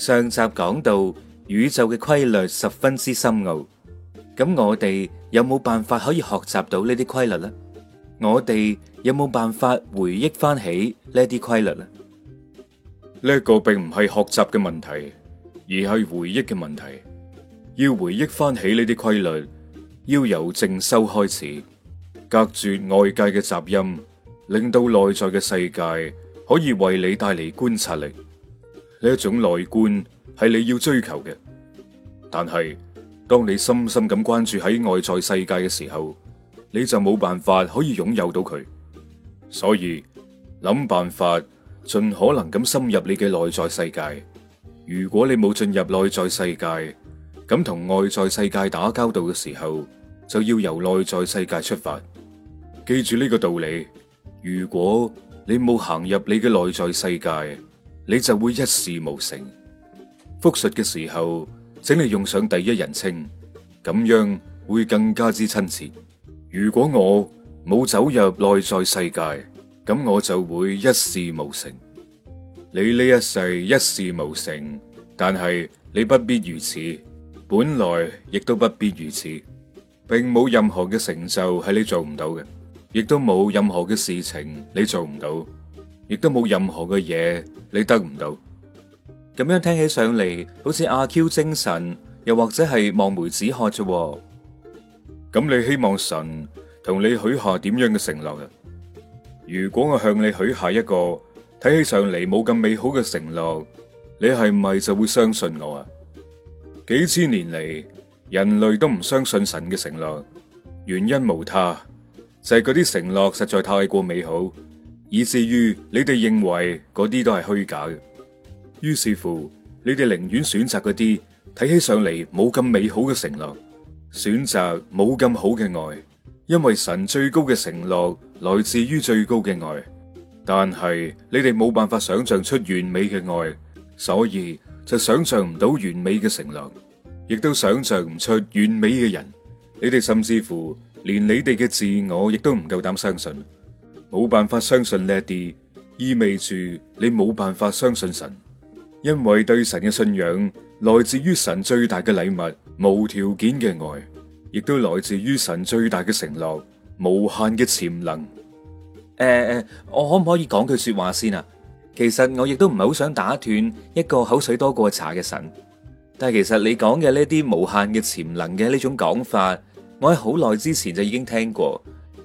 上集講到宇宙嘅規律十分之深奧，咁我哋有冇辦法可以學習到呢啲規律呢？我哋有冇辦法回憶翻起呢啲規律呢？呢個並唔係學習嘅問題，而係回憶嘅問題。要回憶翻起呢啲規律，要由正修開始，隔絕外界嘅雜音，令到內在嘅世界可以為你帶嚟觀察力。呢一種內觀係你要追求嘅，但係當你深深咁關注喺外在世界嘅時候，你就冇辦法可以擁有到佢。所以諗辦法盡可能咁深入你嘅內在世界。如果你冇進入內在世界，咁同外在世界打交道嘅時候，就要由內在世界出發。記住呢個道理。如果你冇行入你嘅內在世界。你就會一事無成。復述嘅時候，請你用上第一人稱，咁樣會更加之親切。如果我冇走入內在世界，咁我就會一事無成。你呢一世一事無成，但係你不必如此，本來亦都不必如此，並冇任何嘅成就係你做唔到嘅，亦都冇任何嘅事情你做唔到。亦都冇任何嘅嘢你得唔到，咁樣聽起上嚟，好似阿 Q 精神，又或者係望梅止渴啫。咁你希望神同你許下點樣嘅承諾啊？如果我向你許下一個睇起上嚟冇咁美好嘅承諾，你係咪就會相信我啊？幾千年嚟，人類都唔相信神嘅承諾，原因無他，就係嗰啲承諾實在太過美好。以至於你哋認為嗰啲都係虛假嘅，於是乎你哋寧願選擇嗰啲睇起上嚟冇咁美好嘅承諾，選擇冇咁好嘅愛，因為神最高嘅承諾來自於最高嘅愛，但係你哋冇辦法想象出完美嘅愛，所以就想象唔到完美嘅承諾，亦都想象唔出完美嘅人，你哋甚至乎連你哋嘅自我亦都唔夠膽相信。冇辦法相信呢啲，意味住你冇辦法相信神，因為對神嘅信仰來自於神最大嘅禮物無條件嘅愛，亦都來自於神最大嘅承諾無限嘅潛能。誒、呃，我可唔可以講句說話先啊？其實我亦都唔係好想打斷一個口水多過茶嘅神，但係其實你講嘅呢啲無限嘅潛能嘅呢種講法，我喺好耐之前就已經聽過。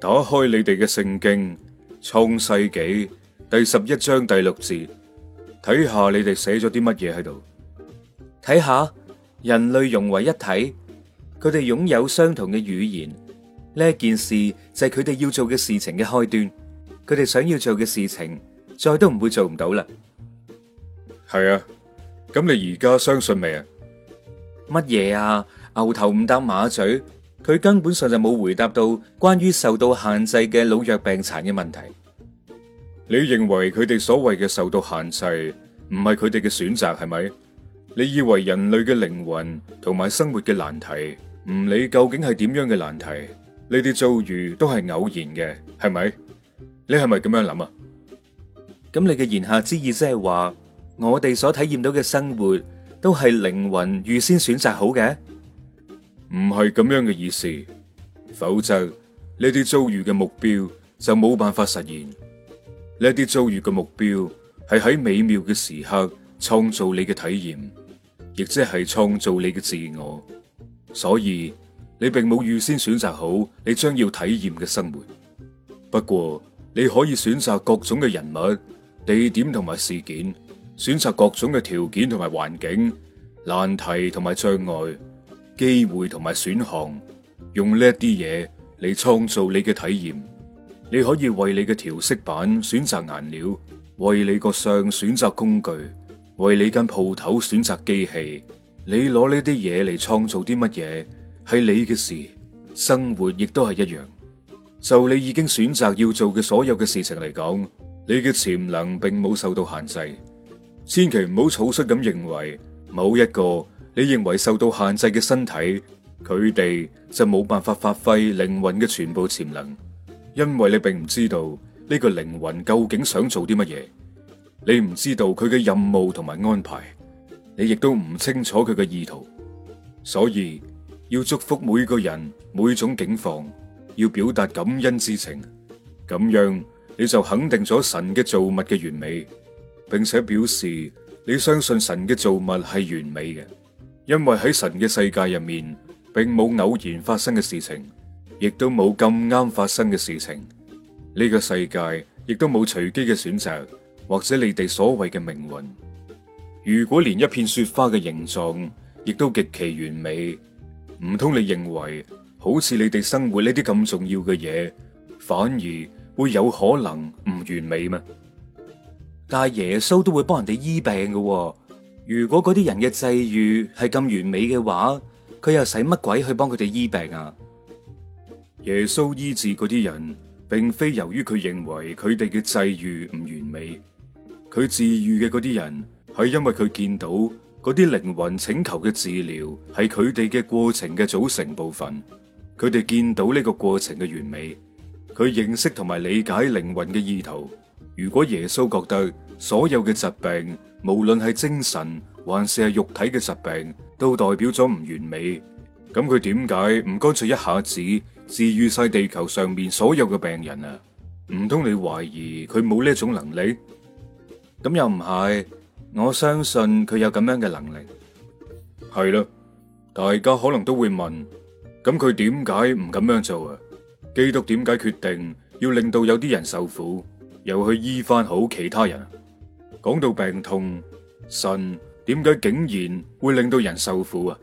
打開你哋嘅聖經創世紀第十一章第六節，睇下你哋寫咗啲乜嘢喺度。睇下人類融為一體，佢哋擁有相同嘅語言，呢一件事就係佢哋要做嘅事情嘅開端。佢哋想要做嘅事情，再都唔會做唔到啦。係啊，咁你而家相信未啊？乜嘢啊？牛頭唔搭馬嘴。佢根本上就冇回答到關於受到限制嘅老弱病殘嘅問題。你認為佢哋所謂嘅受到限制唔係佢哋嘅選擇係咪？你以為人類嘅靈魂同埋生活嘅難題，唔理究竟係點樣嘅難題，呢啲遭遇都係偶然嘅係咪？你係咪咁樣諗啊？咁你嘅言下之意即係話，我哋所體驗到嘅生活都係靈魂預先選擇好嘅？唔係咁樣嘅意思，否則呢啲遭遇嘅目標就冇辦法實現。呢啲遭遇嘅目標係喺美妙嘅時刻創造你嘅體驗，亦即係創造你嘅自我。所以你並冇預先選擇好你將要體驗嘅生活。不過你可以選擇各種嘅人物、地點同埋事件，選擇各種嘅條件同埋環境、難題同埋障礙。機會同埋選項，用呢啲嘢嚟創造你嘅體驗。你可以為你嘅調色板選擇顏料，為你個相選擇工具，為你間鋪頭選擇機器。你攞呢啲嘢嚟創造啲乜嘢，係你嘅事。生活亦都係一樣。就你已經選擇要做嘅所有嘅事情嚟講，你嘅潛能並冇受到限制。千祈唔好草率咁認為某一個。你認為受到限制嘅身體，佢哋就冇辦法發揮靈魂嘅全部潛能，因為你並唔知道呢個靈魂究竟想做啲乜嘢，你唔知道佢嘅任務同埋安排，你亦都唔清楚佢嘅意圖，所以要祝福每個人、每種境況，要表達感恩之情，咁樣你就肯定咗神嘅造物嘅完美，並且表示你相信神嘅造物係完美嘅。因為喺神嘅世界入面，並冇偶然發生嘅事情，亦都冇咁啱發生嘅事情。呢個世界亦都冇隨機嘅選擇，或者你哋所謂嘅命運。如果連一片雪花嘅形狀，亦都極其完美，唔通你認為好似你哋生活呢啲咁重要嘅嘢，反而會有可能唔完美咩？但係耶穌都會幫人哋醫病㗎喎。如果嗰啲人嘅際遇係咁完美嘅話，佢又使乜鬼去幫佢哋醫病啊？耶穌醫治嗰啲人，並非由於佢認為佢哋嘅際遇唔完美，佢治愈嘅嗰啲人係因為佢見到嗰啲靈魂請求嘅治療係佢哋嘅過程嘅組成部分，佢哋見到呢個過程嘅完美，佢認識同埋理解靈魂嘅意圖。如果耶穌覺得所有嘅疾病，無論係精神還是係肉體嘅疾病，都代表咗唔完美，咁佢點解唔乾脆一下子治愈晒地球上面所有嘅病人啊？唔通你懷疑佢冇呢種能力？咁又唔係，我相信佢有咁樣嘅能力。係啦，大家可能都會問，咁佢點解唔咁樣做啊？基督點解決定要令到有啲人受苦？又去醫翻好其他人。講到病痛，神點解竟然會令到人受苦啊？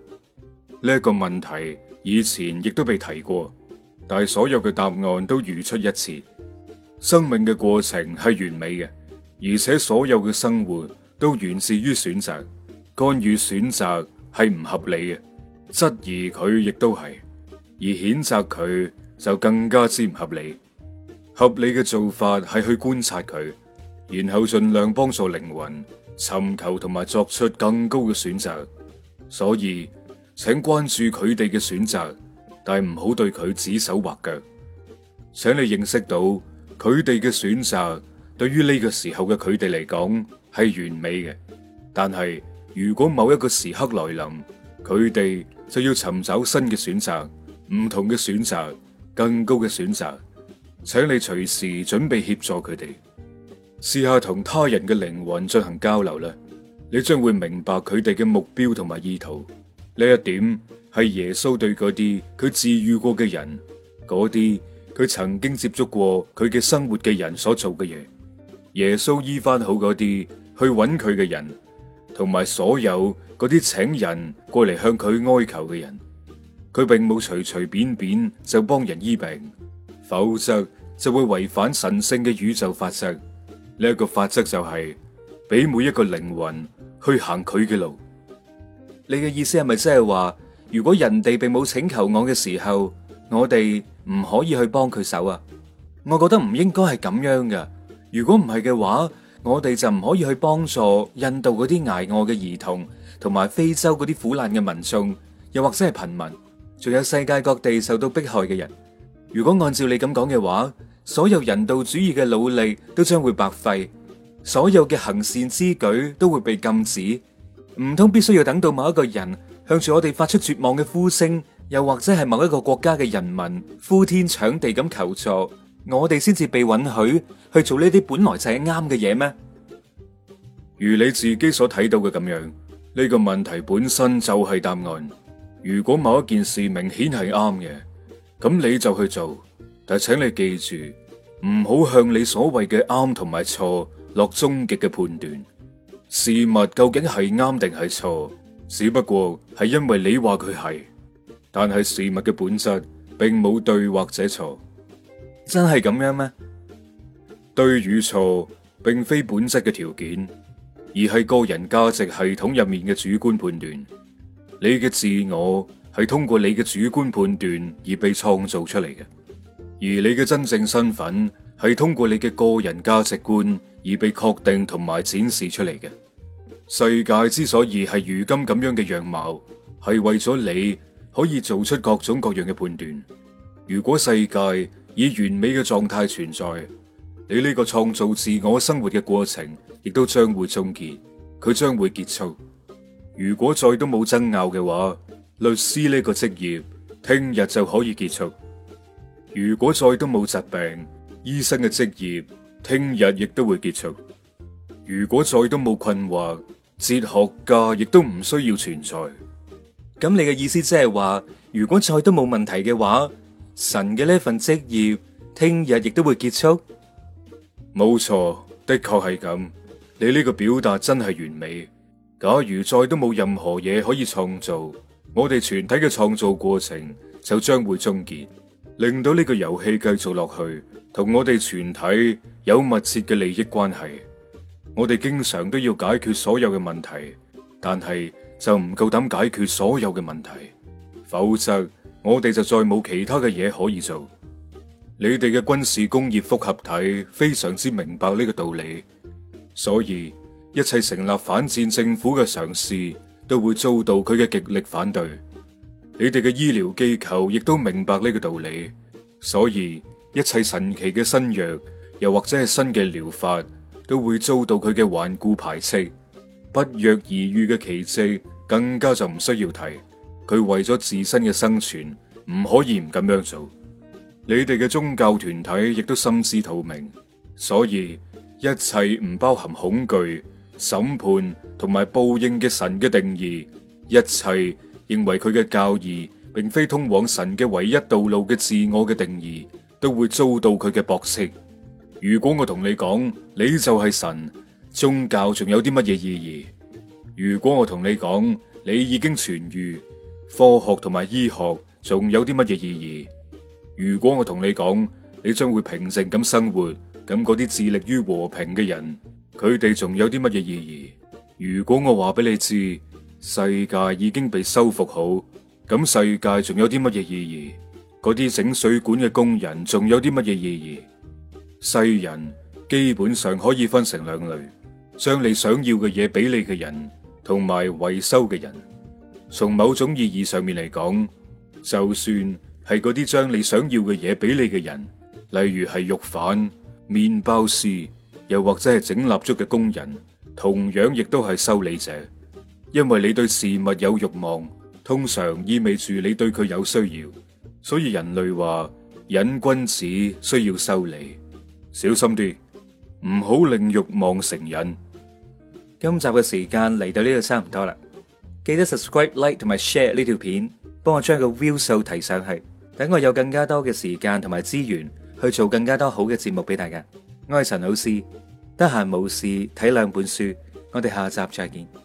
呢一個問題以前亦都被提過，但係所有嘅答案都如出一轍。生命嘅過程係完美嘅，而且所有嘅生活都源自於選擇。干預選擇係唔合理嘅，質疑佢亦都係，而譴責佢就更加之唔合理。合理嘅做法係去觀察佢，然後盡量幫助靈魂尋求同埋作出更高嘅選擇。所以，請關注佢哋嘅選擇，但係唔好對佢指手畫腳。請你認識到佢哋嘅選擇對於呢個時候嘅佢哋嚟講係完美嘅。但係如果某一個時刻來臨，佢哋就要尋找新嘅選擇，唔同嘅選擇，更高嘅選擇。請你隨時準備協助佢哋，試下同他人嘅靈魂進行交流啦。你將會明白佢哋嘅目標同埋意圖。呢一點係耶穌對嗰啲佢治愈過嘅人，嗰啲佢曾經接觸過佢嘅生活嘅人所做嘅嘢。耶穌醫翻好嗰啲去揾佢嘅人，同埋所有嗰啲請人過嚟向佢哀求嘅人，佢並冇隨隨便便就幫人醫病，否則。就會違反神聖嘅宇宙法則。呢一個法則就係俾每一個靈魂去行佢嘅路。你嘅意思係咪即係話，如果人哋並冇請求我嘅時候，我哋唔可以去幫佢手啊？我覺得唔應該係咁樣嘅。如果唔係嘅話，我哋就唔可以去幫助印度嗰啲挨餓嘅兒童，同埋非洲嗰啲苦難嘅民眾，又或者係貧民，仲有世界各地受到迫害嘅人。如果按照你咁講嘅話，所有人道主義嘅努力都將會白費，所有嘅行善之舉都會被禁止，唔通必須要等到某一個人向住我哋發出絕望嘅呼聲，又或者係某一個國家嘅人民呼天搶地咁求助，我哋先至被允許去，去做呢啲本來就係啱嘅嘢咩？如你自己所睇到嘅咁樣，呢、這個問題本身就係答案。如果某一件事明顯係啱嘅，咁你就去做，但請你記住，唔好向你所謂嘅啱同埋錯落終極嘅判斷。事物究竟係啱定係錯，只不過係因為你話佢係，但係事物嘅本質並冇對或者錯。真係咁樣咩？對與錯並非本質嘅條件，而係個人價值系統入面嘅主觀判斷。你嘅自我。係通過你嘅主觀判斷而被創造出嚟嘅，而你嘅真正身份係通過你嘅個人價值觀而被確定同埋展示出嚟嘅。世界之所以係如今咁樣嘅樣貌，係為咗你可以做出各種各樣嘅判斷。如果世界以完美嘅狀態存在，你呢個創造自我生活嘅過程亦都將會終結，佢將會結束。如果再都冇爭拗嘅話，律師呢個職業聽日就可以結束。如果再都冇疾病，醫生嘅職業聽日亦都會結束。如果再都冇困惑，哲學家亦都唔需要存在。咁你嘅意思即係話，如果再都冇問題嘅話，神嘅呢份職業聽日亦都會結束？冇錯，的確係咁。你呢個表達真係完美。假如再都冇任何嘢可以創造。我哋全體嘅創造過程就將會終結，令到呢個遊戲繼續落去，同我哋全體有密切嘅利益關係。我哋經常都要解決所有嘅問題，但係就唔夠膽解決所有嘅問題，否則我哋就再冇其他嘅嘢可以做。你哋嘅軍事工業複合體非常之明白呢個道理，所以一切成立反戰政府嘅嘗試。都會遭到佢嘅極力反對，你哋嘅醫療機構亦都明白呢個道理，所以一切神奇嘅新藥，又或者係新嘅療法，都會遭到佢嘅頑固排斥。不藥而愈嘅奇蹟，更加就唔需要提。佢為咗自身嘅生存，唔可以唔咁樣做。你哋嘅宗教團體亦都心知肚明，所以一切唔包含恐懼。審判同埋報應嘅神嘅定義，一切認為佢嘅教義並非通往神嘅唯一道路嘅自我嘅定義，都會遭到佢嘅駁斥。如果我同你講你就係神，宗教仲有啲乜嘢意義？如果我同你講你已經痊愈，科學同埋醫學仲有啲乜嘢意義？如果我同你講你將會平靜咁生活，咁嗰啲致力於和平嘅人？佢哋仲有啲乜嘢意義？如果我話俾你知，世界已經被修復好，咁世界仲有啲乜嘢意義？嗰啲整水管嘅工人仲有啲乜嘢意義？世人基本上可以分成兩類：將你想要嘅嘢俾你嘅人，同埋維修嘅人。從某種意義上面嚟講，就算係嗰啲將你想要嘅嘢俾你嘅人，例如係肉販、麵包師。又或者係整蠟燭嘅工人，同樣亦都係修理者，因為你對事物有欲望，通常意味住你對佢有需要，所以人類話癮君子需要修理，小心啲，唔好令欲望成癮。今集嘅時間嚟到呢度差唔多啦，記得 subscribe、like 同埋 share 呢條片，幫我將個 view 數提上去，等我有更加多嘅時間同埋資源去做更加多好嘅節目俾大家。我係陳老師，得閒冇事睇兩本書，我哋下集再見。